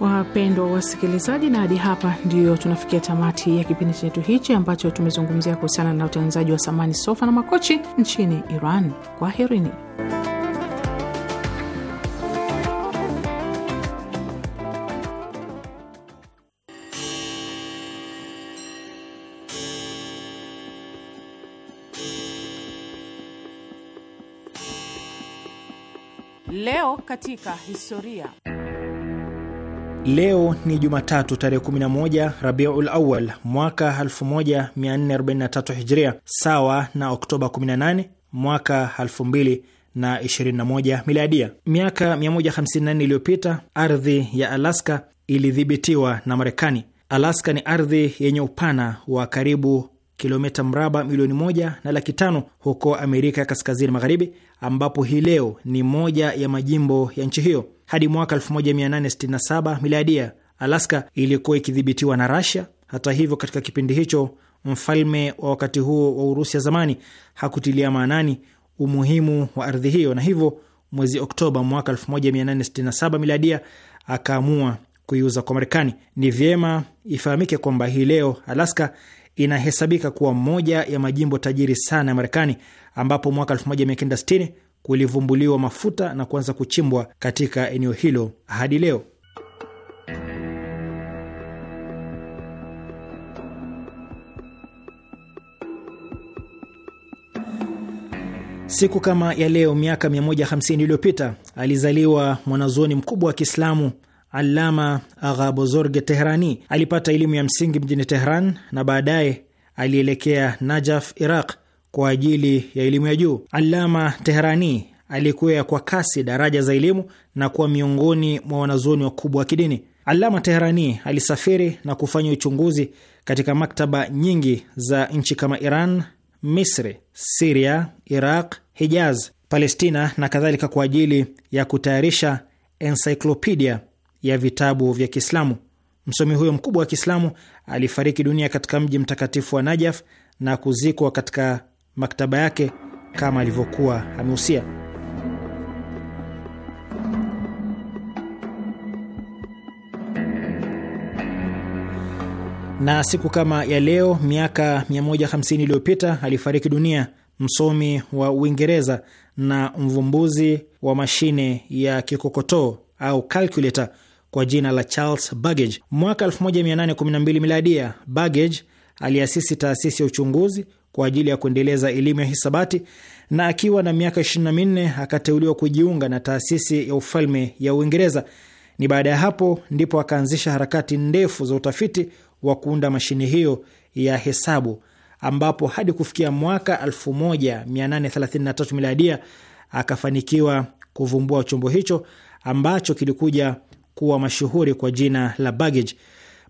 Wapendwa wasikilizaji, na hadi hapa ndio tunafikia tamati ya kipindi chetu hichi ambacho tumezungumzia kuhusiana na utengenezaji wa samani, sofa na makochi nchini Iran. Kwaherini. Leo katika historia Leo ni Jumatatu tarehe 11 Rabiul Awal mwaka 1443 Hijria, sawa na Oktoba 18 mwaka 2021 Miladia. Miaka 154 iliyopita ardhi ya Alaska ilidhibitiwa na Marekani. Alaska ni ardhi yenye upana wa karibu kilomita mraba milioni moja na laki tano huko Amerika ya Kaskazini Magharibi, ambapo hii leo ni moja ya majimbo ya nchi hiyo. Hadi mwaka 1867 miladia, Alaska ilikuwa ikidhibitiwa na rasia Hata hivyo, katika kipindi hicho mfalme wa wakati huo wa Urusi ya zamani hakutilia maanani umuhimu wa ardhi hiyo, na hivyo mwezi Oktoba mwaka 1867 miladia akaamua kuiuza kwa Marekani. Ni vyema ifahamike kwamba hii leo Alaska inahesabika kuwa moja ya majimbo tajiri sana ya Marekani, ambapo mwaka 1960 kulivumbuliwa mafuta na kuanza kuchimbwa katika eneo hilo hadi leo. Siku kama ya leo miaka 150 iliyopita alizaliwa mwanazuoni mkubwa wa Kiislamu Allama Agha Bozorge Tehrani. Alipata elimu ya msingi mjini Tehran na baadaye alielekea Najaf, Iraq kwa ajili ya elimu ya juu. Allama Tehrani alikuwa kwa kasi daraja za elimu na kuwa miongoni mwa wanazuoni wakubwa wa kidini. Allama teherani alisafiri na kufanya uchunguzi katika maktaba nyingi za nchi kama Iran, Misri, Siria, Iraq, Hijaz, Palestina na kadhalika kwa ajili ya kutayarisha encyclopedia ya vitabu vya Kiislamu. Msomi huyo mkubwa wa Kiislamu alifariki dunia katika mji mtakatifu wa Najaf na kuzikwa katika maktaba yake kama alivyokuwa amehusia. Na siku kama ya leo miaka 150 iliyopita alifariki dunia msomi wa Uingereza na mvumbuzi wa mashine ya kikokotoo au calculator kwa jina la Charles Babbage. Mwaka 1812 miladia, Babbage aliasisi taasisi ya uchunguzi kwa ajili ya kuendeleza elimu ya hisabati na akiwa na miaka 24 akateuliwa kujiunga na taasisi ya ufalme ya Uingereza. Ni baada ya hapo ndipo akaanzisha harakati ndefu za utafiti wa kuunda mashine hiyo ya hesabu, ambapo hadi kufikia mwaka 1833 miladia akafanikiwa kuvumbua chombo hicho ambacho kilikuja kuwa mashuhuri kwa jina la Baggage.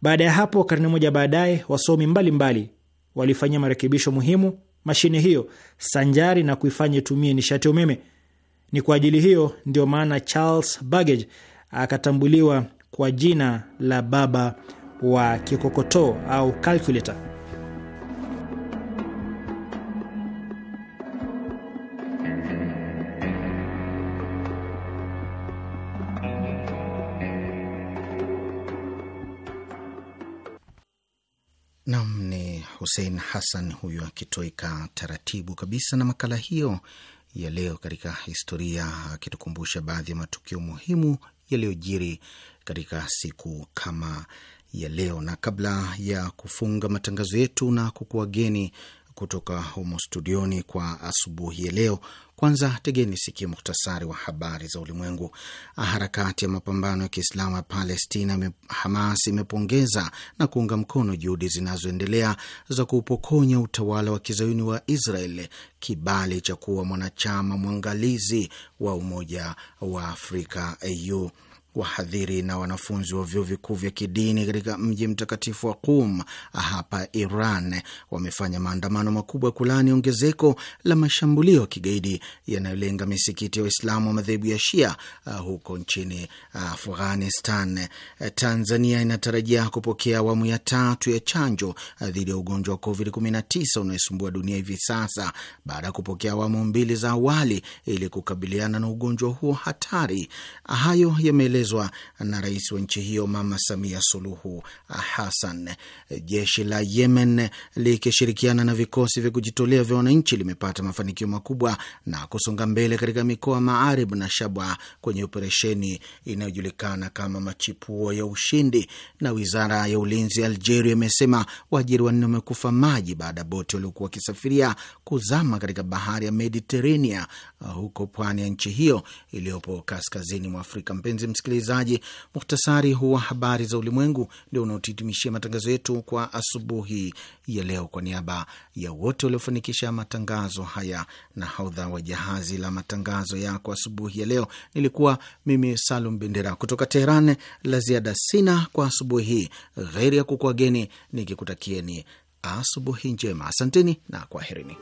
Baada ya hapo, karne moja baadaye, wasomi mbalimbali walifanyia marekebisho muhimu mashine hiyo sanjari na kuifanya itumie nishati ya umeme. Ni kwa ajili hiyo ndio maana Charles Babbage akatambuliwa kwa jina la baba wa kikokotoo au calculator. Hussein Hassan huyu akitoweka taratibu kabisa na makala hiyo ya leo katika historia, akitukumbusha baadhi ya matukio muhimu yaliyojiri katika siku kama ya leo. Na kabla ya kufunga matangazo yetu na kukuwageni kutoka humo studioni kwa asubuhi ya leo, kwanza tegeni sikio muhtasari wa habari za ulimwengu. Harakati ya mapambano ya Kiislamu ya Palestina, Hamas, imepongeza na kuunga mkono juhudi zinazoendelea za kuupokonya utawala wa kizayuni wa Israel kibali cha kuwa mwanachama mwangalizi wa Umoja wa Afrika, AU wahadhiri na wanafunzi wa vyuo vikuu vya kidini katika mji mtakatifu wa Qum hapa Iran wamefanya maandamano makubwa ya kulaani ongezeko la mashambulio ya kigaidi yanayolenga misikiti ya Waislamu wa madhehebu ya Shia uh, huko nchini uh, Afghanistan. Uh, Tanzania inatarajia kupokea awamu ya tatu ya chanjo uh, dhidi ya ugonjwa wa COVID-19 unaosumbua dunia hivi sasa baada ya kupokea awamu mbili za awali ili kukabiliana na ugonjwa huo hatari. Hayo yameelezwa kutekelezwa na rais wa nchi hiyo Mama Samia Suluhu Hassan. Jeshi la Yemen likishirikiana na vikosi vya kujitolea vya wananchi limepata mafanikio makubwa na kusonga mbele katika mikoa Maarib na Shaba kwenye operesheni inayojulikana kama Machipuo ya Ushindi. Na wizara ya ulinzi ya Algeria imesema waajiri wanne wamekufa maji baada ya boti waliokuwa wakisafiria kuzama katika bahari ya Mediterania huko pwani ya nchi hiyo iliyopo kaskazini mwa Afrika. Mpenzi msikilizaji msikilizaji, muhtasari huwa habari za ulimwengu ndio unaotitimishia matangazo yetu kwa asubuhi ya leo. Kwa niaba ya wote waliofanikisha matangazo haya na haudha wa jahazi la matangazo yako asubuhi ya leo, nilikuwa mimi Salum Bendera kutoka Teheran. La ziada sina kwa asubuhi hii ghairi ya kukuageni nikikutakieni asubuhi njema. Asanteni na kwaherini.